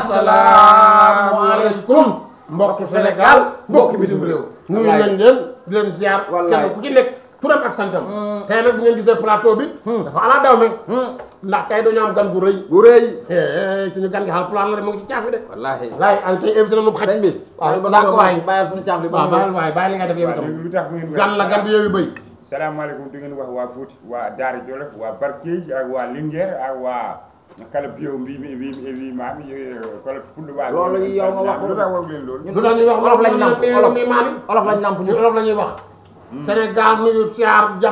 asalaamualeykum mbokki Sénégal mbokki bitim réew. ñu ngi leen leen di leen ziar. kenn ku ci nekk turam ak santam. Hmm. tey nag bu ngeen gisee plateau bi. Hmm. dafa ala daw me hmm. ndax tey dañoo am gan gu rëy. gu rëy. suñu gan gi xal plan la rek ci caaf de. wallaahi wallaahi en tey invité nañu xaj. bi waaw waaw waaye bàyyi suñu caaf bi. waaw waaye bàyyi li nga def salaamaaleykum di ngeen wax waa waa Daara Jolof waa Barkéej ak waa Linguère ak waa kala yow mbii mbii mbii maam eh, kala kullu waa. loolu la yow nga wax lu tax wax leen loolu. lu tax ñu olof la ñuy wax. Hmm. Sénégal nuyu siyaar a ci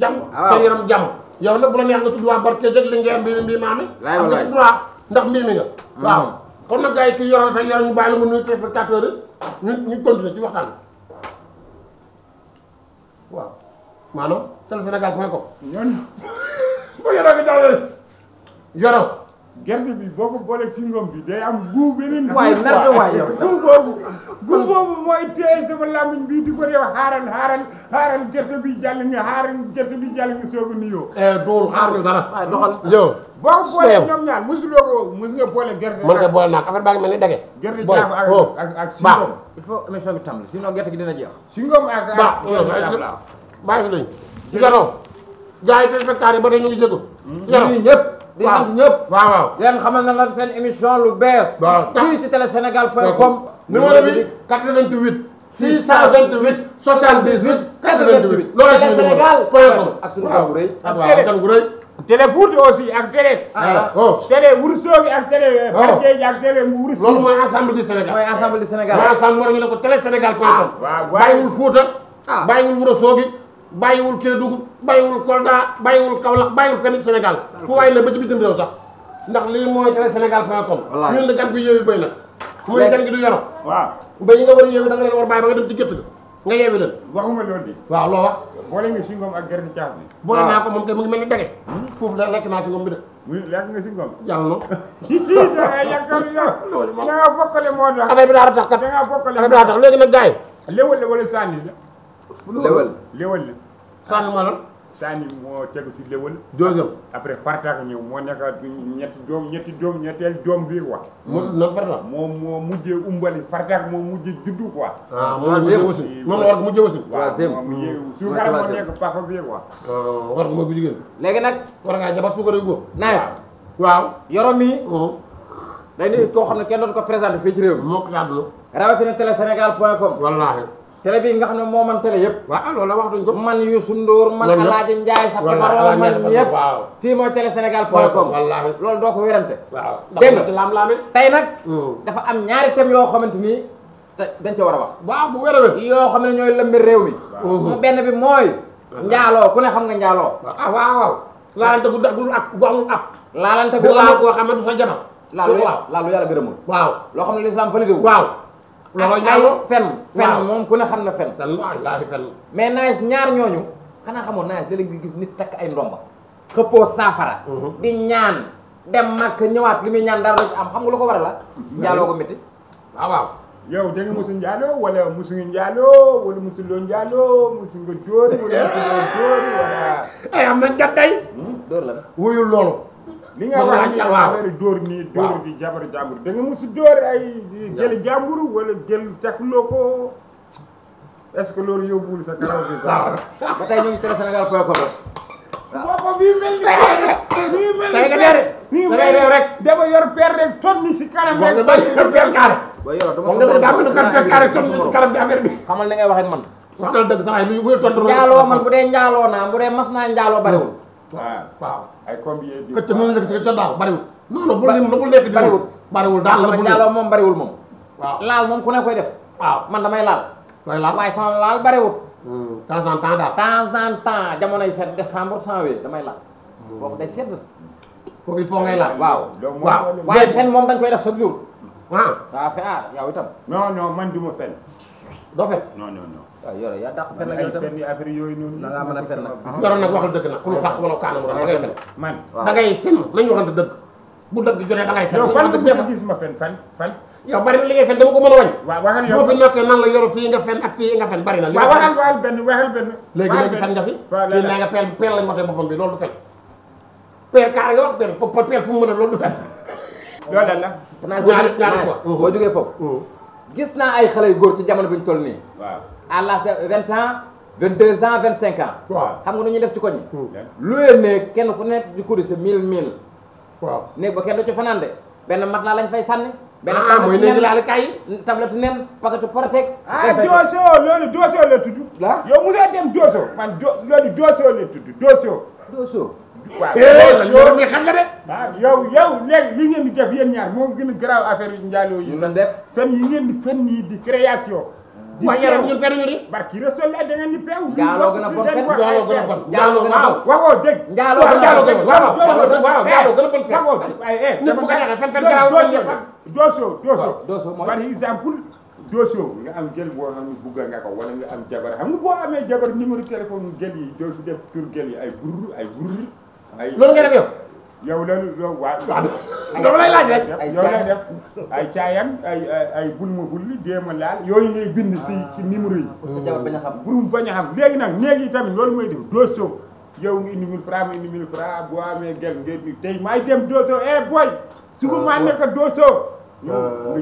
jàmm. Ah, sa yaram jàmm. yow nag bu la neex nga tudd waa barke jëg li ngeen mbii mbii maam yi. am nga ci droit ndax mbii mi nga. Hmm. waaw kon nag gars yi kii yoroon fa yoroon ñu bàyyi la mu nuyu téléspectateur yi ñu ñu continuer ko. yoro gerte bi boo ko booleeg si ngom bi day am guub beneen. waay merde waay yow guub boobu guub boobu bi di ko réew xaaral xaaral gerte bi jàll nga xaaral gerte bi jàll nga soog a nuyoo. Eh, duul xaar ñu dara. waay doxal yow. boo ko boolee ñoom ñaar mosuloo ko mos nga boole gerte. mën nga boole naag affaire baa ngi mel ni dege. gerte jaaxal oh, ak ak ak si ngom il faut émission bi tàmbali gi dina jeex. si ngom ak ak gerte bàyyi fi lañu. gerte gi gars yi téléspectateurs yi ba ñu ngi jégalu. Hmm? ñëpp di sant ñëpp waaw lu bees waaw fii ci télé sénégal point com numéro bi 88 628 78 88 loolu télé sénégal point com ak suñu gan gu rëy waaw gan gu rëy ak télé. waaw ah, ah. oh. télé Ourossogui ak télé. Bargny oh. ak télé Ourossogui. loolu mooy ensemble du Sénégal. bàyyiwul Kédougou bàyyiwul Kolda bàyyiwul Kaolack bàyyiwul fenn Sénégal fu waay la ba ci bitim réew sax ndax lii mooy télé Sénégal point com ñun la gan gu yeewi béy nag mooy gan gi du yaro waaw béy yi nga war a yeewi da nga leen war bàyyi ba nga dem ci gétt ga nga yeewi leen waxuma loolu di waaw loo wax boole nga si ngoom ak gerte caaf bi boole naa ko moom kay mu ngi mel ni dege hmm? foofu da lekk naa si ngoom bi de lekk nga si ngoom jàll na dangaa yàkkal yow dangaa fokkale moo tax affaire bi daara tax kat dangaa fokkale affaire bi daara tax léegi nag gars yi léwal la wala sànni la léwal léwal la Sami moo doon. Sami moo tegu si léwal. deuxième après Farta ñëw moo nekk ñetti doom ñetti doom ñetteel doom bi quoi. moo tudd nag Farta. moom moo mujjee umbali Farta moo mujjee juddu quoi. ah moo mujjee wasin moom war moo mujjee suukar moo nekk papa bi quoi. Ah, war nga bu jigéen. léegi nag. war ngaa jabar suukar yu góor. nice waaw yoroon mi. Uh-huh. day ni koo xam ne kenn dootu ko présenté fii ci réew mi. moo ko rawatina télé sénégal point com. wallaahi. télé bi nga xam ne moo man télé yëpp. waaw ah, loolu la wax duñ ko. man Youssou Ndour man Alaaji Njaay sa papa man yëpp fii mooy télé Sénégal point com loolu doo ko wérante waaw dégg nga laam-laame tey nag hmm. dafa am ñaari tem yoo xamante te dañ ce war a wax waaw bu wérawé yoo xam ne ñooy lëmbi réew hmm. benn bi mooy njaaloo ku ne xam nga njaaloo ah waaw waaw laalante gu dagul ak gu amul laalante gu amul koo xam ne du sa jabar laalu laalu yàlla gërëmul waaw loo xam ne l'islam validé waaw looloo ñaaw fen fen moom ku ne xam na fen wallaahi fen mais naaj ñaar ñooñu xanaa xamoon naa naaj da léegi gis nit takk ay ndomba xëppoo saafara mhm. di ñaan dem màkk ñëwaat li muy ñaan dara ci am xam nga lu ko waral la njaaloo ko métti waaw ah, waaw yow da nga mosu njaaloo wala mosu ngi njaaloo wala mosu loo njaaloo mosu nga jóor wala mosu loo jóor wala ay eh, am nañ gat day hmm? dóor la wuyul loolu li nga wax ni affaire dóor nii dóor di jabar jàmbur da nga mosu dóor ay jëli jàmbur wala jël taxuloo ko est-ce que loolu sa ba tey ñu ngi télé Sénégal point mel ni mel ni mel rek dafa yor per rek ton ni si kanam ba yor per carré waaye yor si kanam bi affaire bi xamal ni ngay wax ak man wax bu njaaloo man bu dee njaaloo naa bu dee mas naa njaaloo bariwul waaw ay combien bi këtt moom nekk ca daaw bariwul non non bu la bu nekk di bariwul bariwul daal la bu ñaaloo moom bariwul moom waaw laal moom ku ne koy def waaw man damay laal looy laal waaye sama laal bariwul hmm, temps en temps daal temps en temps jamonoy set décembre janvier damay laal hmm. foofu day sedd foofu il faut ngay laal waaw waaw waaye fen moom dañ koy def chaque jour waaw waaw fe ah yow itam non non man du ma fen doo fen non non non waaw yoro yaa dàq fen nag yow tam ay yooyu noonu da ngaa mën a fen nag yoro nag waxal dëgg nag xulu xax wala kaanam da ngay fen man da ngay fen nañu waxante dëgg bu dëgg jotee da ngay fen ko fi fi kii nga peel peel lañ watee boppam bi loolu fen peel kaar nga wax peel peel mën a loolu du fen loolu lan la ñaari ñaari fois boo jógee foofu mm-hmm. gis naa ay xale yu góor ci jamono bi ñu toll nii à l'âge de vingt ans vingt vingt cinq ans xam nga nu ñuy def ci koñ yi hmm. looyee néeg kenn ku nekk di cotiser mille mille waaw néeg ba kenn du ci fanaan de benn mat laa lañ fay sànni benn ah mooy léegi laal kay tablette nen paquet protect. ah dooso loolu dooso la tudd. ah yow musa dem dooso man do loolu dooso la tudd dooso. dooso. waaw eh, dooso mais xam nga de. waaw ah, yow yow léegi li ngeen di def yéen ñaar moo gën a garaaw affaire yu njaaloo yi. ñu def fen yi ngeen di fen yi di création. waaye yaram ñun fenn ñu de. barki Rasuul da ngeen ni peew. njaaloo gën a bon fenn njaaloo eh, gën a bon. njaaloo a bon waaw a am gel boo xam ne nga ko wala nga am jabar xam nga boo amee jabar numéro téléphone gel yi doosu def tur gel ay burr ay burr ay loolu nga def yow la waaw dama lay laaj rek yow lay def ay caayan ay ay bul ma bul dee ma laal yooyu ngay bind si ci ah. numéro yi bañ a xam pour mu bañ a xam léegi nag néeg yi tamit loolu mooy def dossier yow nga indi mille francs ma indi mille francs boo amee gel ngeen ni tey maay dem dossier eh boy suba ah, maa ah. nekk dossier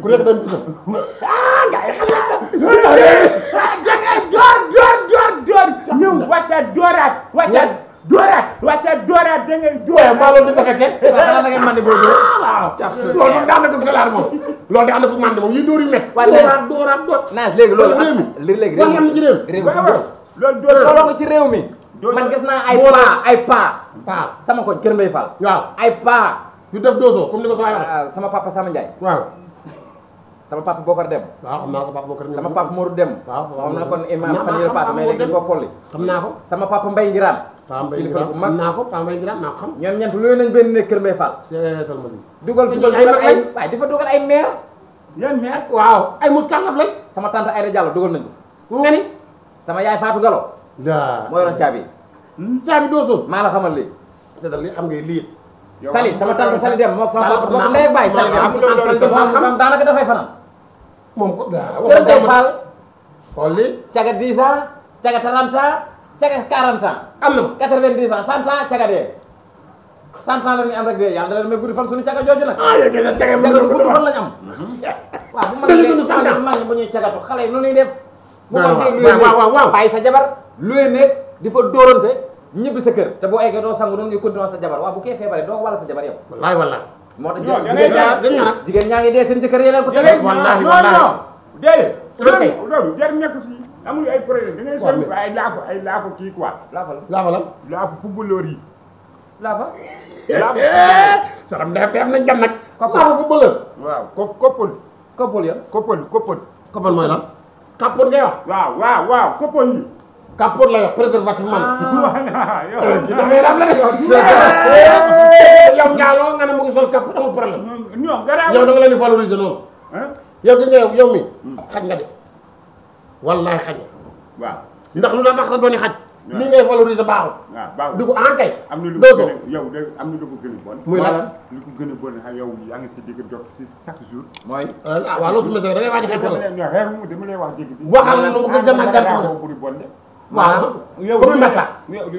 ku nekk dem bisam ah gars yi xam nga da ngay door door door door ñëw wàccaat dooraat wàccaat dooraat wàccaat dooraat da ngay dooraat maa loolu dañ ko fekkee xanaa da ngay màndi boo dóor waaw loolu moom daanaka ko salaar moom loolu daanaka ko màndi moom yi dóor yu métti dooraat dooraat doot naas léegi loolu réew mi léegi réew mi ci réew loolu dooloo nga ci réew mi man gis naa ay paa ay paa paa sama koñ Kër Mbaye Fall waaw ay paa yu def dooso comme ni ko sama wax sama papa sama Ndiaye waaw sama papa Bokar Dem waaw xam naa ko papa Bokar Dem sama papa Modou Dem waaw xam naa kon imam fan yële paase mais léegi dañ ko folli xam naa ko sama papa Mbaye Ngiraan kilifa bu mag naa ko Paa Mbaye Ngiraan naa ko xam. ñoom ñeent luy nañ benn nekk Kër Mbaye Fall. seetal ma lii. dugal dugal ay waaye dafa dugal ay maire. yan maire waaw ay muskàllaf lañ. sama tante Aïda Diallo dugal nañ ko. nga ni. sama yaay Fatou Gallo. waaw moo yoroon caabi. Hmm, caabi doo sóor. maa la xamal lii. seetal li xam nga lii. Sali sama tante Sali dem moom sama bopp bokk ndey ak baay Sali moom daanaka dafay fanaan. moom ko waaw wax dëgg yàlla Kër Mbaye Fall. xool li caga dix ans caga trente ans caga 40 ans am na 90 ans 100 ans caga dee 100 ans la ñu am rek dee yàlla da leen may guddi fan suñu caga jooju nag. ah yéen ñoo caga guddi fan la am. waaw bu mag bu mag bu ñuy nu ñuy def. di fa dóorante ñibbi sa kër. te boo eggee doo sangu noonu ngay bu kee feebaree doo wala jigéen ñaa ngi dee seen jëkkër yi leen ko tege. wallaay amuñu ay projet da ngay sonn ay laafu ay laafu kii quoi laafa la laafa la laafu footballeur yi laafa laafa saram da am nañ jam nag laafa footballeur waaw ko koppal koppal yan koppal koppal koppal mooy lan kàppoon ngay wax waaw waaw waaw koppal yi kàppoon la wax préservatif man ci dafay ram la de yow njaaloo nga ne mu ngi sol kàppoon amul problème yow da nga leen di valoriser noonu yow gi nga yow mi hmm. xaj nga de wallaay xaj na. waaw ndax lu la tax na doon xaj. li ngay valoriser baaxul. waaw baaxul di ko ankay. am na lu ko gën a yow de am na lu ko gën a bon. muy lan lu ko gën a bon ah, yow yaa ngi si dégg dox si chaque jour. mooy ah waaw loolu su ma seetlu da ngay waaj a xeex la. dama lay wax dégg bi. waxal la lu ko gën a gàtt bu bon de. waaw comme Mbacke.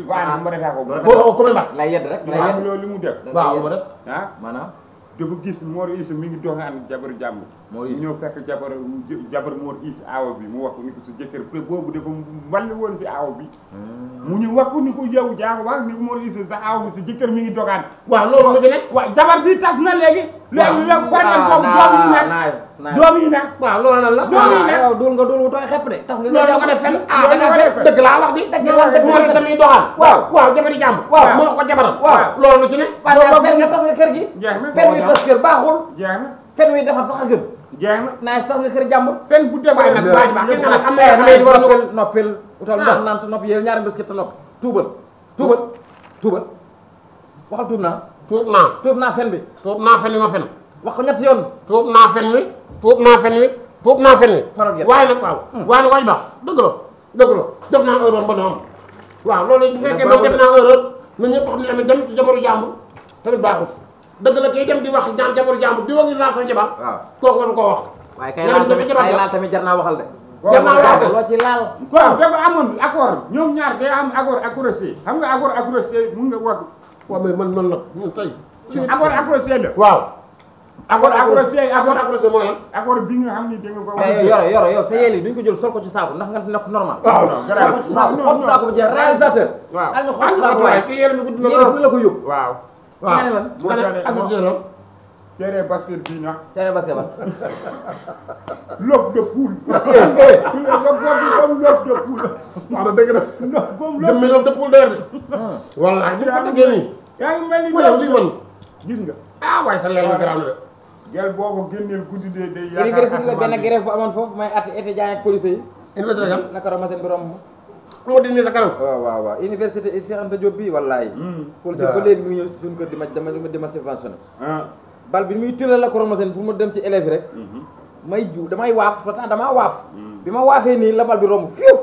waaw ma defee ko bu bon comme Mbacke. lay yedd li mu def. waaw mu def ah maanaam. dafa gis Mor mi ngi doxaan jabaru jàmm mooy ñëw fekk jabar jabar moo ii si aaw bi mu wax ni ko sa jëkkër pré boobu dafa mball woon si aaw bi hmm. mu ñu wax ni ko yow jaaxal wax ni ko moo ii sa aaw bi sa jëkkër mi ngi dogaan waaw loolu ko jëlee waaw jabar bi tas na léegi léegi yow ah, par exemple boobu doom yi nag doom yi nag waaw loolu lan la doom yi ah, nag yow dul nga dul wu tooy xepp de tas nga loolu ko def fenn ah da nga fekk dëgg laa wax di dëgg laa dëgg moo sa muy doxaan waaw waaw jabari jàmm waaw moo wax ko jabaram waaw loolu nu ci ne waaw fen nga tas nga kër gi fen nga tas kër baaxul fen wi defar sax a gën jeex naa naaj tax nga kër jàmbur fenn bu demee nag baaji baax kenn nag am na xamé war noppil noppil utal ah. ndox naan te noppi yow ñaari biscuit naa tuub naa naa fen bi tuub naa fen bi ma fen wax naa fen wi naa fen wi tuub naa fen waaye nag waaj hmm. baax dëgg la dëgg la def naa erreur ba am waaw loolu bu fekkee man def naa erreur na ñëpp xam ne tamit dem ci jabaru jàmbur tamit baaxul dëgg na kay dem di wax ñaan jabaru jàmbur di wa ngi laal sa jabar waaw kooku waru koo wax waaye kay laal tamit kay laal tamit jar naa waxal de jar naa waxal loo ci laal kon da ko amoon accord ñoom ñaar day am accord accroché xam nga accord accroché mun nga wax waaw mais man man la ñun tey accord accroché la waaw accord accroché accord accroché mooy lan accord bi nga ko eh, yoro yoro yow sa yéeli duñ ko jël sol ko ci saaku ndax nga nekk normal waaw sol ko ci saaku bu jeex réalisateur waaw al na xool saaku waaye ki yéeli mi gudd na la a yóbbu waaw moo tane association terrain basket bii nag. terrain basket ba. lof de poule. na dëgg la. comme lof de poule jëmmi lof de poule d'ailleurs ah. de. wallaahi bu ko déggee nii. yaa ngi mel gis nga. ah waaye sa leeral garaaw la. gel boobu génneel guddi de day. yaakaar benn grève bu amoon foofu may at été jaay ak police yi. une naka romb seen bi moderniser sa kanam waaw waaw waaw université Cheikh Anta Diop bi wallaay hmm. pol ba léegi mi ñëw suñu kër di ma dama di ma subventionné ah. bal bi muy tëral la chromosome pour ma dem ci élève rek hmm. may ju damay waaf pourtant damaa waaf hmm. bi ma waafee nii la bal bi romb fiw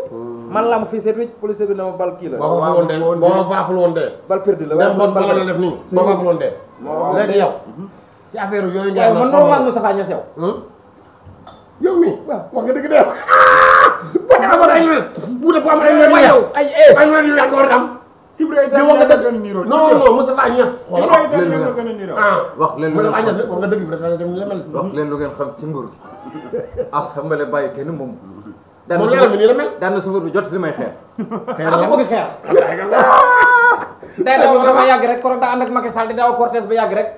man laa ma fii seet wécc policier bi na bal kii la boo waafuloon de boo waafuloon de bal perdu la waaye bal la def nii boo waafuloon de léegi yow ci affaire yooyu man normal Moustapha Niass yow mii waaw wax nga dëgg de boo ko amoon ay lunettes eh. buute boo amoon ay lunettes yow ay ay lunettes yaa ko war a am. a niiroo non non Moustapha leen lu ngeen ah. wax leen lu ngeen xam wax nga dëgg wax leen lu ngeen xam ci nguur gi assemblée bàyyi kenn moom. daan na sofër jot li xeer. xeer la bëgg xeer. yàgg rek koro daa ànd ak Macky Sall di daaw cortège ba yàgg rek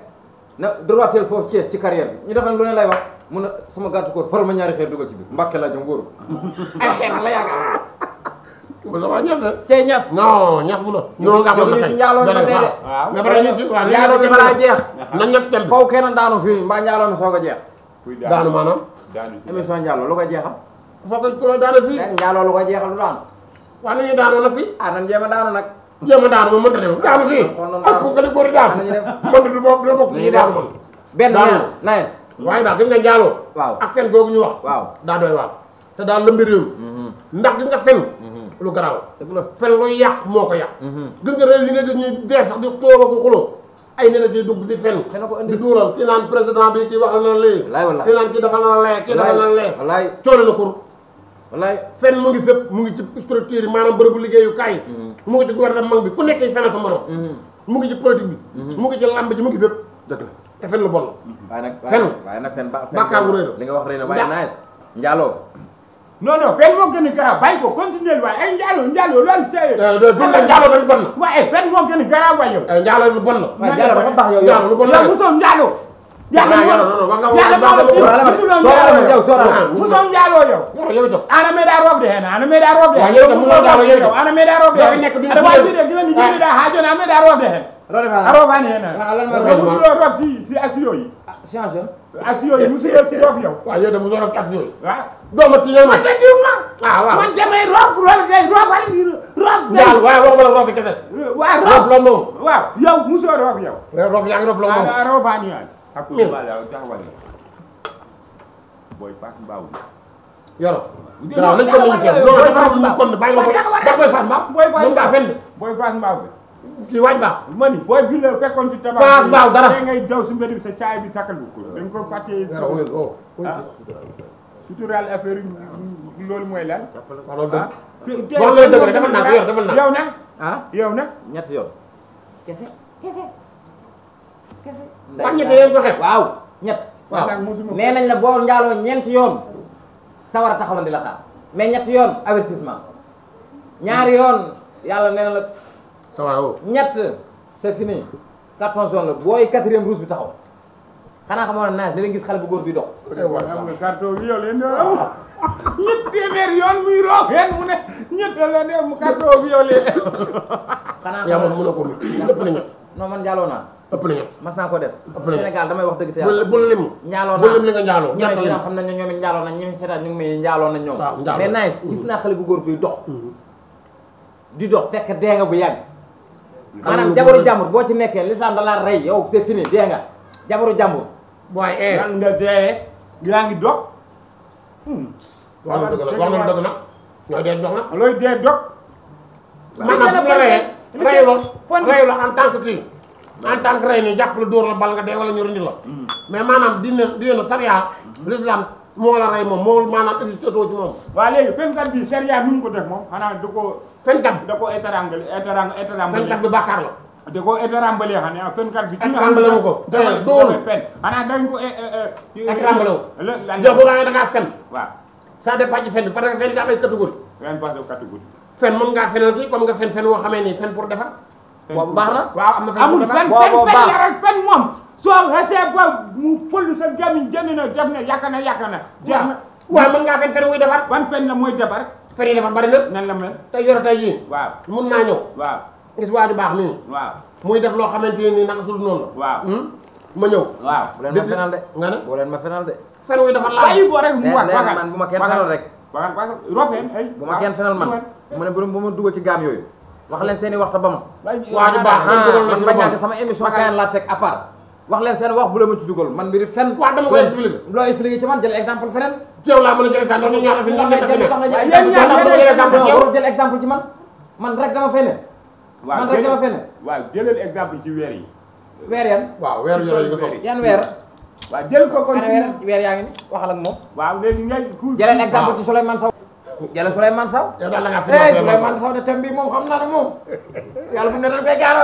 na droitel foofu Thiès ci carrière bi ñu defal lu ne lay wax mun a sama gàtt koor faral ma ñaari xeer dugal ci biir mbàkke laa jëm wóoru ay xeer la yaakaar ba sama ñas la tey ñas non ñas bu la ñoo nga am na tey njaaloon na dee de nga ñu ci waaw njaaloon bi balaa jeex na ñëpp dem faw kenn daanu fii mbaa njaaloon soog a jeex daanu maanaam émission njaaloo lu ko jeexal soog a kulo daanu fii eh, njaaloo lu ko jeexal lu daanu waaw nañu daanoo nag fii ah nan jéem a daanu nag jéem a daanu moom mënta dem daanu fii ak ko gën a góor daanu ah, mënta du bokk du bokk daanu benn ñaar nice waaye daal gis nga njaaloo waaw ak fen googu ñu wax waaw daa doy waar te daal lëmbi réew mm-hmm. ndax gis nga fen mm-hmm. lu garaaw fen lu yàq moo ko yàq mm-hmm. gis nga réew yi nga gis ñuy deer sax di xooba ko xuloo ay nena di dugg di fen di duural ki naan président bi ki wax na lii ki naan ki dafa na lee ki dafa na lee na kur wallaay fen mu ngi fépp mu ngi ci structure yi maanaam bërëbu liggéeyu kaay mu ngi ci gouvernement bi ku nekk fenal sa morom mu ngi ci politique bi mu ngi ci làmb ji mu ngi fépp te fen lu bon waaye nag fenu waaye nag fen bàkkaar bu rëy la li nga wax rëy na waaye nice njaaloo non non fen moo gën a garaaw bàyyi ko continuer waaye ay njaaloo njaaloo loolu c'est eh, dul la njaaloo dañ bon na waaye fen moo gën a garaaw waay yow eh, njaaloo lu bon na njaaloo dafa baax yow njaaloo lu bon la mosoo njaaloo yàlla moo la mosoo njaaloo yow ana me daa roob de heen ana me daa roob de heen ana me daa roob de heen ana me daa roob de heen ana me daa roob de heen ana me daa roob de heen arobaan yéen a. waaw lan ma rof moom moom rof si si asio yi. ah science la. asio yi mosul si rof yow. waaw yow de mosul rof asio yi. waaw doomu a tijjel ma. man de diw ma. ah waaw man kese. waaw rof la moom. waaw yow mosul rof yow. waaw eh, rof yaa ngi la moom. ah arobaan yéen a. ak kutu wàll taxawal la. booy Fass Mbawu. yoro garaaw nañu ko mu ngi seet. non dafa am lu mu kon bàyyi ma ko. la booy Fass Mbawu. booy Fass Mbawu ci waaj baax. ma ni booy bi la fekkoon ci tabax. faas baax dara tey ngay daw si mbedd bi sa caay bi takkal. dañ ko fàttee. Oh. Ah. ah suturaal mooy lan. waaw ah, loolu dëgg. tey ah. tey loolu dëgg rek defal naa ko yor defal naa yow nag. ah yow nag ñett yoon. kese kese kese. ndax ñett nañ la boo njaaloo ñeenti yoon. sa war a taxawal di la xaar mais ñett yoon avertissement ñaari yoon yàlla nee na la. ça va oh. ñett c'est fini carton jaune la booy quatrième rouge bi taxaw xanaa xamoon na naaj léeg-léeg gis xale bu góor bi dox. am nga carton bi yow leen am ah. ñett téeméer yoon muy roog yéen na ñett. non na naa ko def. ëpp na ñett Sénégal damay wax dëgg te yàlla. bu lim njaaloo xam nañ ne ñoom it njaaloo nañ ñi ñu ngi may njaaloo nañ ñoom. mais naaj gis naa xale bu góor bi dox. Mm-hmm. di dox fekk dee nga bu yàgg maanaam jabaru jàmbur boo ci nekkee lislaam da laa rey yow c'est fini dee nga jabaru jàmbur booy ee eh. nga dee yaa ngi dog hmm. wax na dëgg la wax na dëgg na looy dee dog na looy dee dog maanaam su la reyee reyu la reyu la kii en tant que rey nii jàpp la dóor la bal nga dee wala ñu rëndi la hmm. mais maanaam dina dina sariya lislaam moo la rey moom moo maanaam existé too ci moom. waaw léegi fenkat bi sariya nu mu ko def moom xanaa da koo. fenkat bi da koo étarangal étarang étarangal. fenkat bi bàkkaar la. xam ne ah ko dama eh, doon fen xanaa dañ ko. Eh, eh, étarambale wu. la da ngaa fen. waaw ça dépend ci fen parce que fen daa am ay catégorie. fen pas de catégorie. fen mën ngaa comme nga fen fen woo xamee ni fen pour defar. na waaw am na fen pour fen moom. so xasee ba mu pël sa jamiñ jënd na jot na yàq na yàq na. jeex na waaw mën ngaa fen fen wuy defar. ban fen la mooy defar. fen yi defar bari na. nan la mel tey yoro tey jii. waaw naa ñëw. waaw gis waa ju baax nii. waaw muy def loo xamante ne nii naka suul noonu la. waaw hmm? ma ñëw. waaw bu leen ma fenal de. nga ne boo leen ma fenal de. fen wuy defar laa bàyyi ko rek mu wax waxal man bu ma kenn fenal rek. waxal waxal rofeen ma man mu ne bu ma dugal ci gaam yooyu. wax leen seen i waxta ba ma. waa ju baax ah, man bañ naa sama émission laa teg à wax leen seen wax bu la ma ci dugal man mbiri fen waaw dama koy ci man jël exemple feneen teew laa mën a jël exemple ñun ci man man yan yan weer waaw jël ko kon ci weer yaa ngi ni waxal ak moom waaw léegi ci Souleymane Sow jëlal Souleymane Sow yow daal la nga fi eh, Souleymane Sow de thème bi moom xam ne moom yàlla bu ne dañ koy gaar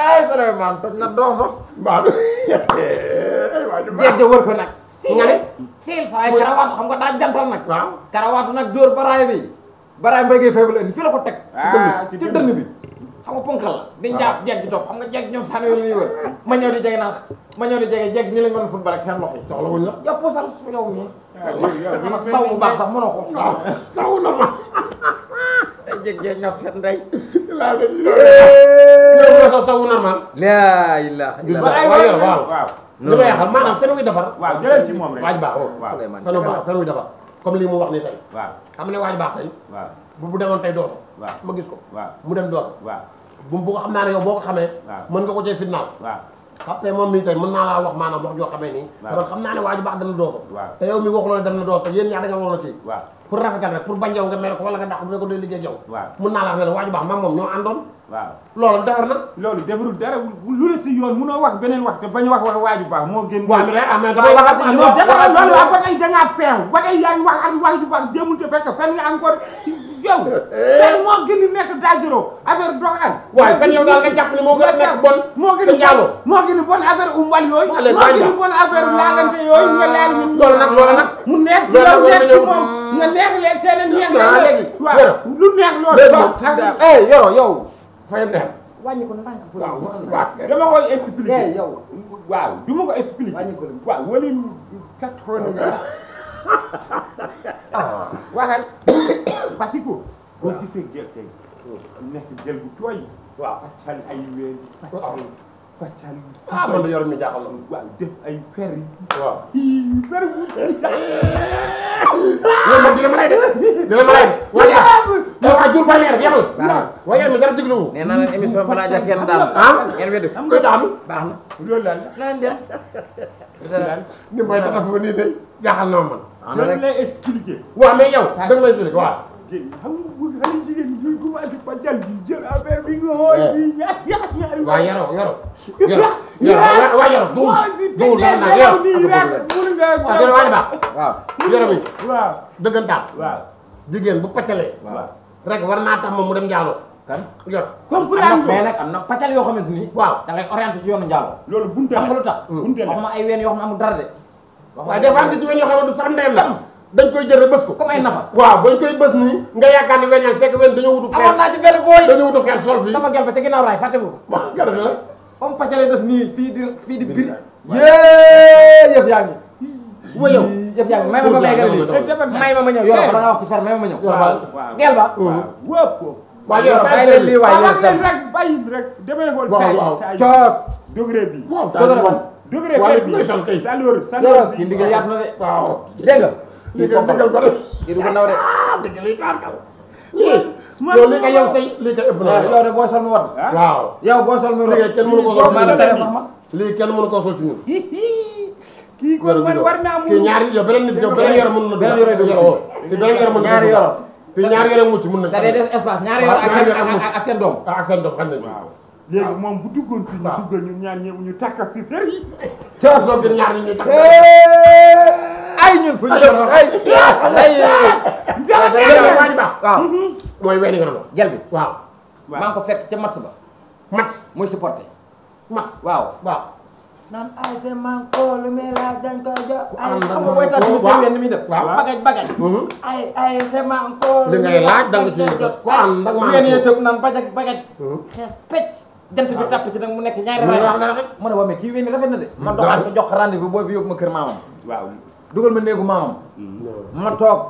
ay Souleymane toj na doo sax mbaa du jeeg wër ko nag si nga siil saa yi karawaatu xam nga daa jantal nag waaw karawaatu nag dóor baraay bi baraay mbay ngay faible indi fii la ko teg ci ah, dënn bi bi xam nga ponkal la di njaab jeeg topp xam nga jeeg ñoom saan yooyu la ñuy wër ma ñëw di jege naan ma ñëw di jege jeeg ni lañ mën a football ak seen ah, baax sax mënoo ko saw saw normal ay seen ndey laa da ñëw poosal saw normal laa ilaha illallah waaw yor ma yàqal maanaam seen wuy defar waaw jëlee ci moom rek waaj oh. lii mu wax ni tey waaw xam ne waaj baax tey bu bu demoon tey dootu waaw ma gis ko. waaw mu dem door. waaw bu bu ko naa ne xamee. na doofa. waaw te na doofa yéen ñaar da a kii. waaw pour la waa ju baax maam moom ñoo àndoon. waaw loolu defar na. loolu defarul dara lu la si yoon munoo wax beneen wax te bañ wax wax waaju baax moo gën. waaw mais ah mais damay waxaat ci loolu defaral ba tey da ngaa peew ba tey yaa ngi wax ak waaju baax démul te fekk fenn nga encore yow. Eh. tey moo gën a nekk a affaire dog an. waaw fan yow daal nga jàpp ne moo gën a nekk bon. moo a bon moo gën a bon affaire umbal yooyu. moo gën a bon affaire ah. laalante yooyu nga laal ñun. loolu nag loolu nag. mu neex si neex si moom nga neex leen teel a neex ah, la léegi. waaw lu neex loolu. mais eh, yow yow fay neex. wàññi ko eh, du ma ko expliquer Ah, waxal basiku boo gisee gerte gi nekk jël bu tooy waaw paccal ay ween paccal paccal ah man de yor mi jaaxal la waaw def ay fer yi waaw fer bu loolu moom dina ma lay def dina ma lay def waaye waa jur bàyyi def yàqal waaye yéen mi dara déglu nee naa leen émission fa laaj ak kenn daal ah ngeen weddi koy daanu baax na loolu daal la naan dem ni may tataf nga nii de jaaxal na ma man loolu lay expliqué. waaw mais yow da nga lay expliqué waaw. xam nga xale jigéen ñi ñuy commencé ba jàll bi jël affaire bi nga xool bi eh. ñaar ñaar ñaar. waaw yoroo yoroo. yoroo yoroo waaw yoroo duul duul duul naa yoroo waaw yoroo bi waaw dëggantaan. waaw jigéen bu pàccalee. waaw rek war naa tax moom mu dem njaaloo. kan yor comprendre mais nag am na pàccal yoo xamante ni. waaw da ngay orienté ci yoonu njaaloo. loolu bunte la xam nga lu tax. bunte la wax ma ay ween yoo xam ne amul dara de. waaw des fois nga ci weñ yoo xam ne du sax ndeyam la dañ koy jël bës ko comme ay nafa waaw bañ koy bës nii nga yaakaar ni weñaan fekk weñ dañoo wutu amoon sol fii sama di fii di bir yée yëf yaa ngi wa yow yëf yaa ngi may ma ma may nga wax ci fer may ma ma gel ba waaw yow bàyyi leen lii waaye yéen rek bàyyi rek demee coot bi waaw dogré degré kay ku koy sol kay. sàlliwar sàlliwar kii ndigal yaatu na de. waaw dégg nga. kii ndigal ko de. kii du ko naw de. Ah, ndigal yi taar kaw. yow li nga yow say li nga ëpp na ah, yow de boo sol mu wadd ah? waaw yow boo sol mu wadd lii kenn mënu ko sol lii kenn mënu ko sol ci ñun kii ko man war naa mu kii ñaari yow beneen nit yow beneen yore mën na beneen yore du ko ci beneen yore mën na ñaari yoro fii ñaari yore mucc mën na da day def espace ñaari yoro ak seen doom ak seen doom xam nañ léegi moom bu duggoon fii ñu duggoon ñun ñaar ñëw ñu takka fi fer yi. ca doon fi ñaar ñu takk. Eh! ay ñu doon ay ay. jërëjëf waay ba waaw. mooy weeni nga doon jël bi waaw. waaw maa ko fekk ca match ba. match muy supporté. match waaw waaw. naan ay c'est manko lu muy laaj dañ ko jox. ay xam nga booy tànn mu seen leen ni muy def. waaw bagaj bagaj. Mm-hmm. ay ay c'est manko. li ngay laaj da nga ko yéen a tëb naan bagaj bagaj. Mm-hmm. xees pecc. jant bi tàpp ci nag mu nekk ñaari raay mu ne waa mais kii wéy ni rafet na de ma doxaat ko jox rendez-vous boo fi yóbbu ma ma mm. ma toog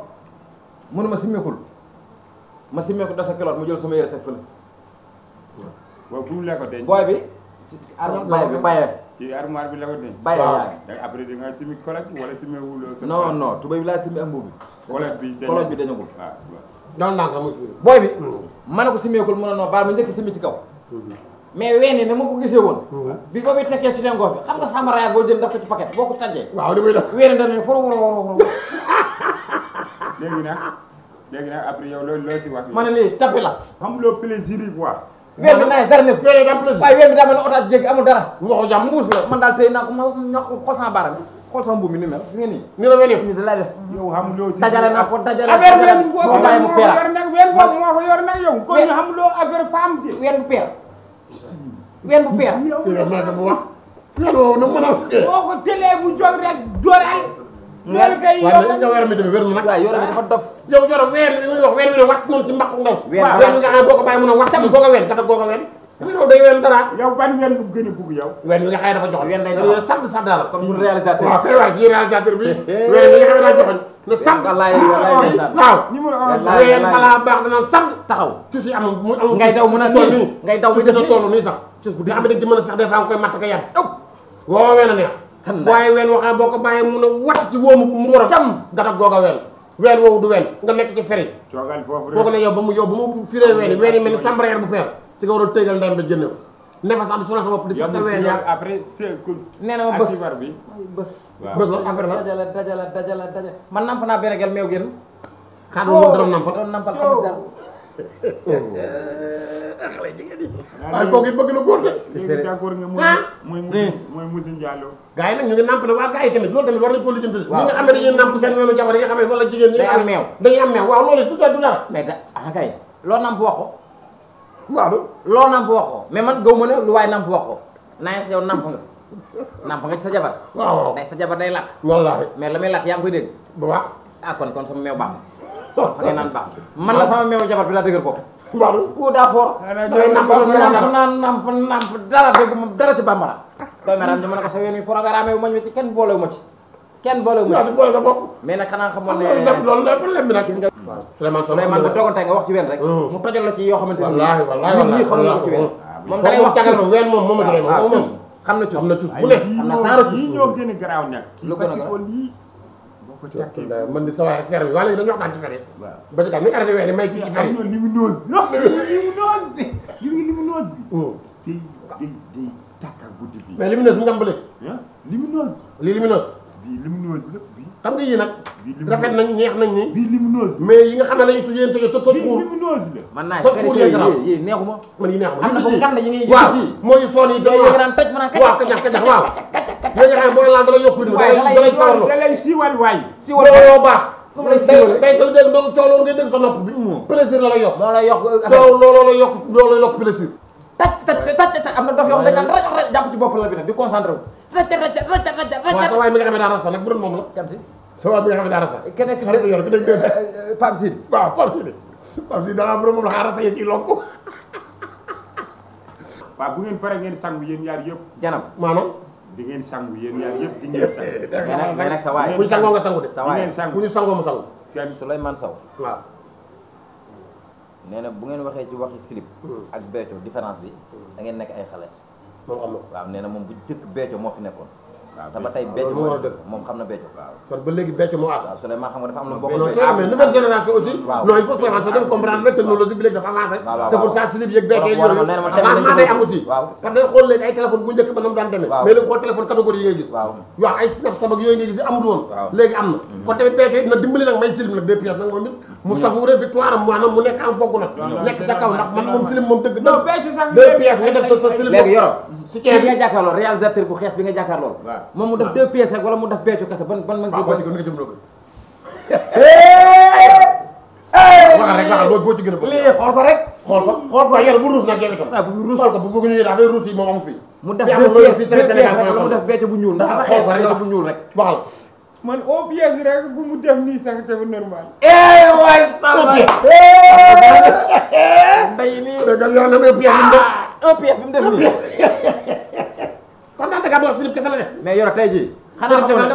mënu ma simmikul ma simmiku da sa kiloot mu sama yére teg fële waaw fu mu la ko denc booy bi armoire bi baye ci armoire bi la ko denc baye yaa après da nga bi bi collet bi collet bi dañagul ah, waaw non booy bi mm. ma ne ko simmeekul mu ne non baal ma njëkk simmi ci kaw mm-hmm. mais weene na ma ko gisee woon. bi boobu tekkee si ngooñ bi xam nga sàmbaraaya boo jënd def ko ci paquet boo ko tàjjee. waaw li muy def weene dana ne foro foro léegi nag léegi nag après yow loolu loo ci wax. ma ne lii tapis la. xam loo plaisir yi quoi. weer bi naa dara nekk. weer bi waaye weer bi daa mel ne otage jéggi amul dara. waxu jàmm mbuus la man daal tey naa ko ma ñax xool sama baaraam xool sama mbuum mi ni mel fi ngeen nii. ni la mel nii da lay def. yow xam loo ci dajale naa ko dajale. affaire bi leen boobu nag moo ko yor nag ween boobu moo ko yor nag yow. kon ñu xam loo affaire femme bi. ween bu peer wenn bu peer. ma dama wax. weer woowu na mën a. boo ko tëlee bu jóg rek dooral. loolu kay yow waaw mais weer mi tamit weer na. waaw yoram bi dafa dof. yow yoram weer li muy wax weer wi ne wax moom si mbaq ndaw si. weer bi nga xam ne boo ko bàyyi mun a wax. tamit googa wen gata googa wen. wéeroo day wen dara. yow ban wen bu gën a bugg yow. wen bi nga xam ne dafa joxoon. wen day joxoon sàdd sàdd la comme suñu réalisateur. waaw kay waay suñu réalisateur bi. weer bi nga xam ne daa joxoon ne sant wallaay wallaay waaw weer balaa baax danaan sant taxaw cus yi amul mu amul ngay daw mën a nii ngay daw bi sax cus bu nga xam ne dañ ci mën a sax des fois nga koy matt ko yàgg woo ween a neex waaye ween waxaa boo ko bàyyee mun a wat ci wóomu mu war a cam gata googa ween ween woowu du ween nga nekk ci feri boo ko ne yow ba mu yow ba mu firee ween yi ween yi mel ni sambareer bu feer ci nga war a tëgal ndam ba jënne ko neefal sax du sonal sama bopp di sax ca weer ñaar après nee ma bës bës bës la après man naa benn gel meew génn kaddu moom doon nampal doon nampal xam dal xale jigéen ñi waaye kooku it bëgg na góor de d'accord nga mooy ah. mooy Moussa Diallo na waa gars yi tamit loolu tamit war nañ ko lijjanti ñi nga xam ne dañuy namp wala jigéen ñi day am meew dañuy am meew waaw loolu du dara mais da ah kay loo namp waxo waaw loo namp wax ko mais man gaw ma lu waay namp wax ko naa yow namp nga namp nga ci sa jabar waaw waaw day sa jabar day lakk wallaahi mais la muy lakk yaa ngi koy dégg bu baax ah kon kon sama meew baax na fa la sama meew jabar bi daa dëgër bopp waaw ku daa foor namp naan namp namp dara dégg moom dara ci bambara doomeram di ma ne ko sa ween wi programme ci kenn boole ci kenn boole wu. waaw boole sa bopp. mais nag xanaa xamoon ne loolu la problème bi nag. gis nga waaw Souleymane Sow Souleymane bu nga wax ci wenn rek. Hmm. mu tojal la ci yoo xamante ne. wallaahi wallaahi moom moom la ah, ah, ne. xam a a garaaw boo ko jàkkee man di sa waay fer bi wala dañuy waxtaan ci fer ci kaw may kii hmm. mu ngi am li luminose. bii limonose la bii. xam nga yii nag. rafet nañ ñeex nañ ni. bii limonose mais yi nga xam ne la ñuy tuddee yéen tëjee tot tot. bii limonose la. mën naa yi yi neexuma. man yi neexuma am na ko gànd yi ngay yëkkati waaw mooy soon yi doy waaw daan toj mën a kacax kacax kacax waaw yooyu nga xam ne boo laan dalay yokku dalay tawlo dalay siiwal waay siiwal loo baax day day dégg coow loolu ngay dégg sa nopp bi plaisir la lay yokk moo lay yokk coow loolu la yokk loolu la yokk plaisir tàcc tàcc tàcc am na dof yoo xam dañu naan raj raj jàpp ci bopp la bi nag di concentré wu. raj raj raj raj. waaw sa waay mi nga xam ne daa rasa nag bu doon moom la. kan si sa waay mi nga xam ne daa rasa. keneen ki xarit yor bi dañ koy def. Eh, Pape Sidi. waaw Pape Sidi Pape Sidi daa am bu doon moom la xaar rasa yi ci lonk. waaw bu ngeen paree ngeen sangu yéen ñaar yëpp. janam maanaam. di ngeen sangu yéen ñaar yëpp di ngeen sangu. mais nag mais nag sa waay. fu ñu sangoo nga sangu de. sa waay fu ñu sangoo ma sangu. Souleymane Sow waaw nee na bu ngeen waxee ci waxi slip. Hmm. ak Béthio différence bi. Hmm. da ngeen nekk ay xale. moom moom bu jëkk Béthio moo fi nekkoon. dafa am lu mu bokk. dafa xool léegi ay téléphone bu njëkk ba na daan demee. waaw mais xool téléphone catégorie yi gis. waaw waaw ay snap sama yooyu ngay gis amul woon. léegi am na. Mm-hmm. kon tamit Béthio it na dimbali nag may slip nag deux pièces nag moom it mu savouré victoire am mu nekk en vogue nag. nekk ca kaw ndax man moom film moom dëgg. non béykat sax deux pièces nga def sa sa film. léegi yoroo si ceeb bi bu xees bi nga jàkkaarloo. waaw moom mu def deux pièces boo a jëm loolu. waxal rek waxal boo ci gën a bëgg. bu ruus nag yow itam. yi moom amu fi. mu def deux bu ñuul ndax xool ko rek bu ñuul rek man au pièce rek bu mu def nii sax dafa normal. Eh, waay Samba yi eh. mbay mi. da nga yor na mais pièce bi mu def. Ah, un pièce bi mu def nii. kon naan da ngaa boole slip kese la def. mais yor tey jii. xanaa xamul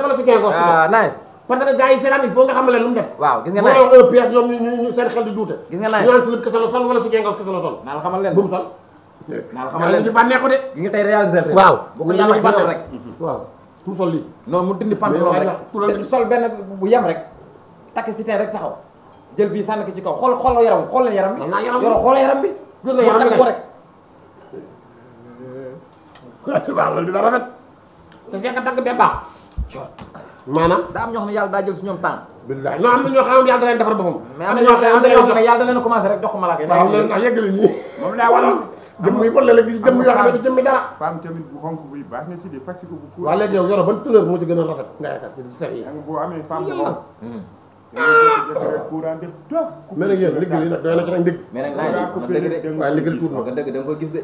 dafa ah, waaw gis nga naaj bu sol wala si kii nga sol. naa la xamal leen bu sol. naa la xamal leen ñu bànneeku de. ñu ngi tey réaliser waaw rek mu sol lii non mu dindi pantalon rek sol benn bu yem rek takk si teen rek taxaw jël bii sànni ko ci kaw xool xool yaram xool bi yaram xool yaram bi gis nga yaram ko rek waaw loolu dina rafet te fekk dagg bee baax coot maanaam daa am ñoo xam ne yàlla daa jël su ñoom temps billahi non am na ñoo xam ne yàlla da leen defar boppam mais am na ñoo xam ne yàlla da leen commencé rek jox ko malaaka yi waaw jëmm yi wala la gis jëmm yoo xam ne jëmmi dara femme tamit bu xonk buy baax na si de parce que bu ko waaw léegi yow yoro ban couleur moo ci gën a rafet nga yaakaar ci di sari boo amee femme bu xonk rek courant def dof mais nag yéen liggéey nag doy na ci nag ndigg mais nag naaj waaye liggéey tuut na nga dëgg da nga ko gis de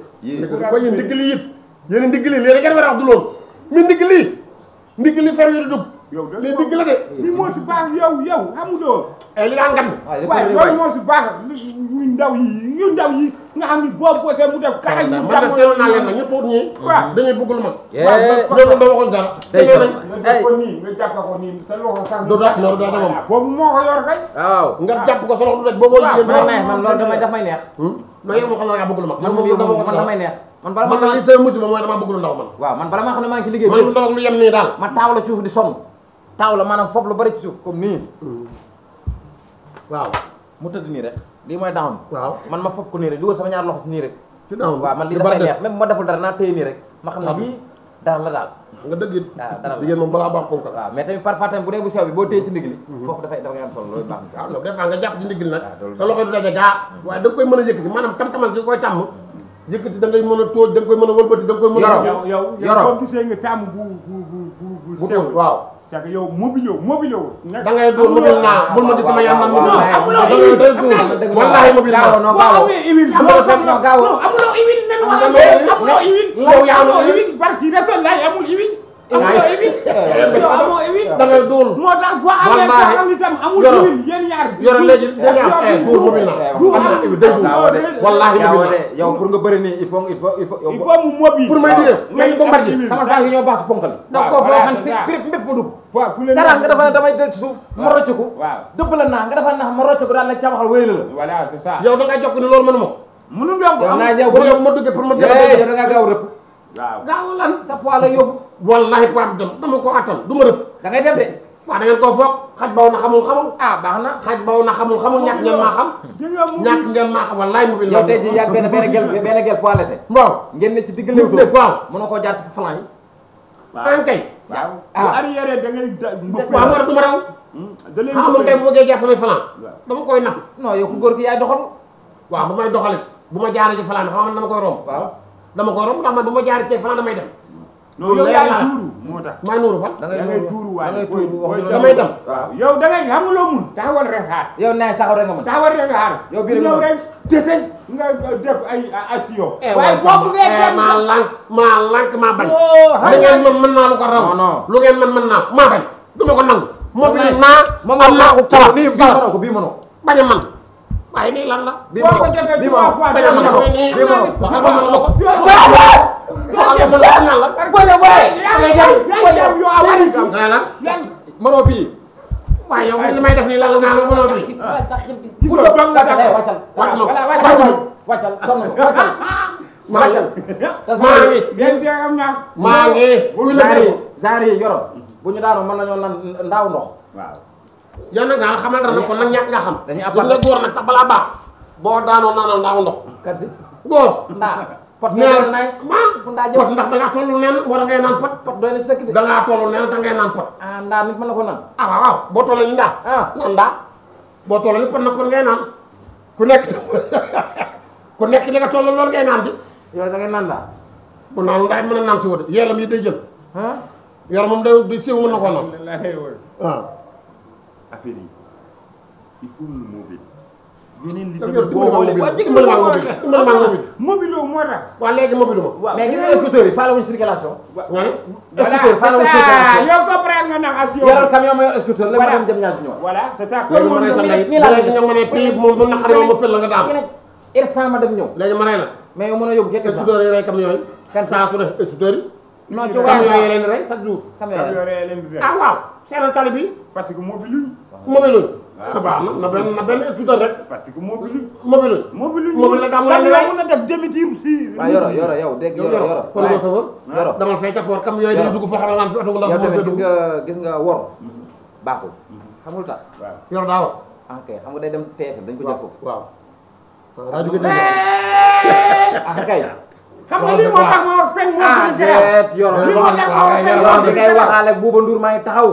ko yéen ndigg lii it yéen ndigg lii lii rek ngeen war a wax du loolu mais ndigg lii ndigg lii fer yu di dugg yow de lii ndigg la de li moo si baax yow yow xamuloo eh, li daan ngand waaye loolu moo si baax yu ndaw yi yu ndaw yi nga xam ni boo boosee mu def. kàlla ñu man de seetlu naa leen nag ñu tuut ñii. waaw jàpp ko nii sa loxo sax. du daal ko yor kay. waaw nga jàpp ko sa loxo du man neex man loolu damay daf may neex. Hmm? non yow moo xam ne nga bëgg lu mag. man bala ma man ma xam ne maa ngi liggéey. man ma taaw la suuf di sonn taaw la maanaam foofu lu bari ci suuf comme nii hmm. waaw mu tëdd nii rek lii mooy down. man ma foog nii rek dugal sama ñaar loxo nii rek. ci man lii dafay neex même ma deful dara naa téye nii rek. ma xam ne lii dara la daal. nga dëgg ah, dara la jigéen nga jàpp ci ndigli nag. Ah, sa loxo du daje gaa. Mhm. waaye da koy mën a yëkkati maanaam tam-tamal gi koy tàmm. yëkkati da ngay mën a tóoj da nga koy mën a wëlbati da nga koy mën a. yoroo yoroo yow yow boo gisee nga tàmm bu bu bu bu sew waaw c' est que yow mobilio mobilio wul. nekk da ngay dóor mobil naa bul ma di sama yaram man. non amuloo huile da ngay dóor wallaahi mobil naa. non gaaw non gaaw amuloo huile nen wala amuloo huile. yow yaa amuloo huile barki Rasulaay amul huile. amuloo huile yow amoo huile. da ngay dóor moo tax boo amee boo am itam amul huile yéen ñaar bi. yoro léegi dañuy am eh, dóor mobil naa. du amul huile day dóor wallaahi mobil naa. yow pour nga bëri nii il faut il faut il faut. il faut mu mobil. pour may dire mel ni bombardier sama sang yi ñoo baax ci ponkal. waaw waaw waaw mënu ko waaw fu leen saraan nga dafa ne damay jël ci suuf ma rocc ko waaw dëbb la naa nga dafa nax ma rocc ko daal la cabaxal wéy la la voilà c'est ça yow ne loolu mënu ma ko mënul yomb naa yow bu eh, yow ma la yóbbu wallahi du ma rëpp de waaw da ngeen koo foog xaj baw na xamul xamul ah baax na xaj baw na xamul xamul ñàkk ngeen maa xam ñàkk ngeen maa xam wallahi mu bi yow gel benn se waaw ngeen ne ci digg léegi waaw mën koo jaar ci flanc waaw kay. waaw bu ah. arrière da ngay mbëpp. waaw war ma raw. Hmm. da lay ah, mbëpp kay bu bëggee jaar samay falan. dama koy napp. non yow ku góor gi yaay doxal. waaw bu may doxalee bu ma jaaree ci falan xam nga dama koy romb. waaw dama koy romb ndax man bu ma jaaree ci falan damay dem. non yow yaay tuuru moo tax maa nuuru fan da ngay tuuru waaye da ngay tuuru wax damay dem waaw yow da ngay xam nga loo mun taxawal rek xaar yow nees taxaw rek nga mën taxawal rek xaar yow biir ñëw rek dese nga def ay asio eh, waaye foo bëggee eh, dem maa lànk maa lànk maa bañ lu ngeen mën mën naa lu ko raw lu ngeen mën mën naa maa bañ du ma ko nangu moom naa am naa ko tabax bii mënoo ko bii mënoo bañ a man waaye nii lan la. bii ma ko bii ma ko bii ma ko bii ma ko waxal ma ma ko. la lan la. wala wala yàlla yàlla mënoo bii. waaye yow li may def nii lan la nga mënoo bii. gis nga doom nga def wàccal wàccal wàccal sonn wàccal. maa ngi maa ngi. yéen tey am naa. maa ngi. bu ñu la bu ñu daanoo mën nañoo naan ndaaw ndox. waaw. yow nag daal xamal na ko nag ñàkk nga xam. dañuy appareil la góor nag sax balaa baax. boo daanoo naanal ndaaw ndox. kat si nga doon ndax da ngaa toll neen moo da ngay naan pot. pot doy na sëkk de. da ngaa toll neen da ngay naan pot. ah ndaa nit na ko naan. Ah, boo toll nii ndaa. ah boo toll nii pot na pot ngay naan ku nekk ku nekk li nga toll loolu ngay naan bi. naan ndaa. bu naan ndaa mën a naan si woo de yeelam yi day jël. yor moom day siiw mën na ko naan. waaw. affaire yi il faut ñu mobile. yeneen li tamit boo xoolee waaw jigéen ñi maa mobile mobile moo tax. waaw léegi mobile ma. mais gis nga scooter yi faale wuñ circulation. nga ne scooter faale wuñ circulation. yow comprendre nga nag as yow. yoral camion ma yor scooter la ma dem jëm ñaar si ñëwaat. voilà c'est ça. léegi ma rey sama léegi nga ma ne pii moom bu naqari moom ma fel la nga daam. irsan ma dem ñëw. léegi ma rey la. mais yow mën a yóbbu kenn irsan scooter yi rey camion yi. kan saa su ne scooter yi. non ci waaye camion yi leen rey chaque jour. camion yi leen ah waaw seetal tali bi. parce que mobiluñ. mobiluñ. waaw ah, baax na na benn parce que mobiluñ. mobiluñ mobiluñ. mobiluñ la daa mën a leen def demi-tour si. yoro yoro yow dégg yoro yoro. kon nga safar. yoro dama fay cappoor kam yooyu dañuy dugg foo gis nga gis mhm. mhm. xamul tax. waaw yoro daa war. Ah, ok xam nga day dem TFM dañ ko jël foofu. waaw waaw rajo gi. ah kay. xam nga lii moo tax ma wax fekk moo ah, gën a jaay yor lii moo tax ma wax fekk yor bi ngay waxaale Bouba Ndour may taxaw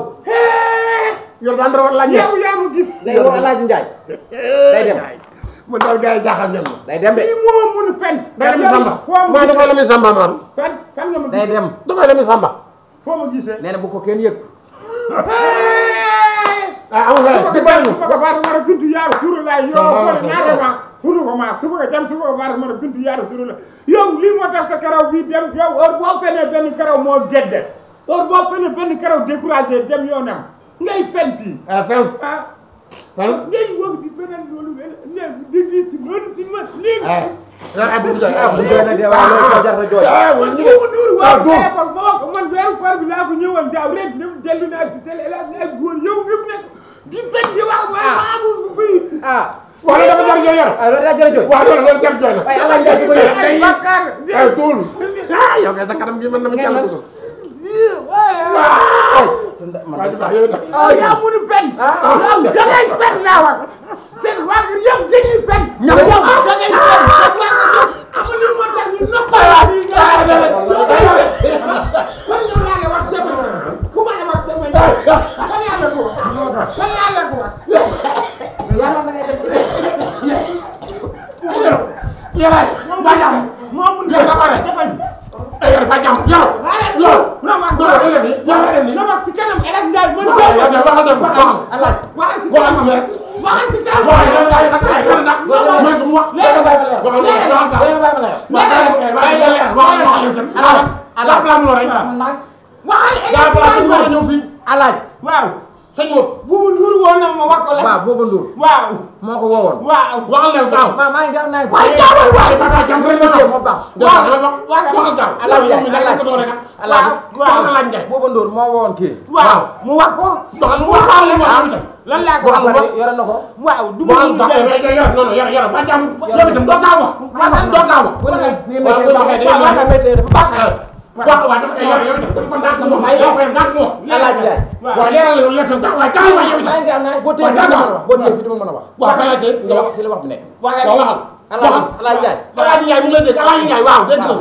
yor daan rawat laaj yow yaa ma gis day wax Alaaji Njaay day dem man daal gars yi jaaxal nañ ma day dem de kii moo mun fen day dem samba maa dafay lami samba maa fan fan nga ma day dem dafay lami samba foo ma gisee nee na bu ko kenn yëg ah amul dara di bari ko ko war a bintu yaaru suuru laay yoo boole ñaar ma sunu ko maa suba ko jam suba ko baara mën a bintu yaara sunu la yow lii moo tax sa karaw bii dem yow heure boo fenee benn karaw moo gedde heure boo fenee benn karaw découragé dem yoonam ngay fen fii ah fen ah fen ngay wax di feneen loolu ngay di gis bu ko jar na jooy bi laa ko ñëwoon daaw rek dem dellu naa ci télé El Hadj ay góor yow yëpp nekk di fen di wax waaw ah wala dafa jar jooy yor. waaw loolu daa jar jooy. waaw loolu loolu jar jooy la. waaye ala njaay ko yor ay bakkaar. ay tuul ah yow kay sa kanam gi man dama jàll ko. waaw. waaw dafa ah, yow itam. yaa munu pen. ah da ah. ngay pen laa wax. seen waa kër yëpp dañuy pen. ñam ah. yow da ngay pen. amul lu moo tax ñu noppal. rek waaw ñëw fi alaaj waaw sëñ Modou boobu Ndour woon na ma wax ko la waaw boobu Ndour waaw moo ko woowoon waaw waxal leen gaaw ma maa ngi gaaw naa waay gaawal waay papa jam ko ko mo baax waaw waxal gaaw alaaj alaaj alaaj waaw alaaj Njaay boobu Ndour moo woowoon kii waaw mu wax ko doxal mu wax lan laa ko wax yore na ko waaw du ma ñu yor non non yor yor ba jam yow itam doo taa wax doo taa wax bu la metti dafa baax waaw waaw dafa yow yow dafa kon daal mo wax yow ko daal mo wax alaaji yaay waaw leeral yow leeral daal waaw daal waaw yow boo téye fi dama mën a wax boo téye fi dama mën a wax waaw xalaatee nga wax fi la wax bu nekk waaw waxal Alaaji Njaay Alaaji Njaay mu ngi lay dégg Alaaji Njaay waaw dégg na waaw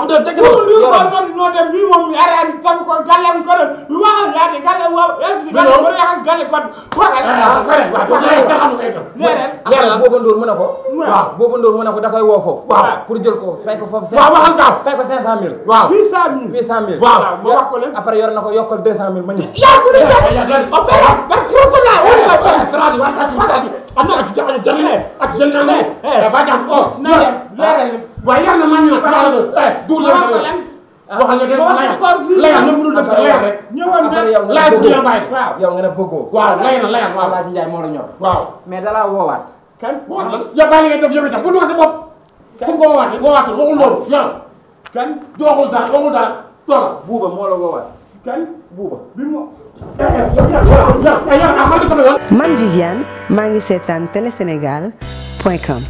bu dee dégg na noo dem bi moom mi ara am tam ko gàllam ko mi waxa la de gàllam waaw gàllam ko yaa gàllam ko waxa la boobu Ndour mu ne ko waaw boobu Ndour mu ne ko da koy woo foofu waaw pour jël ko fay ko foofu waaw waxal gaaw fay ko 500000 waaw 800000 800000 waaw wax ko leen après yor na ko yokkal 200000 ma ñëw sirati warta wasaki anna ati jaɓaɗo jamine ati jannane e bajam o leerele wa yarna manna taalaɗo e duulaɗolan waxalne de layal même ɓuɗu def leer rek lay duya mbayne yow ngene bëggo waaw layna layal waaw laaji njaay moo la ñor waaw mais dala woowaat kan woowaat la yow bàyyi nga def yow itam bu duga sa bopp fu ko woowaatee woowaatee waxul loolu yow kan dooxul dara waxul dara toola buuba moo la woowaat kan buuba man Viviane maa ngi seetaan télésénégal point com.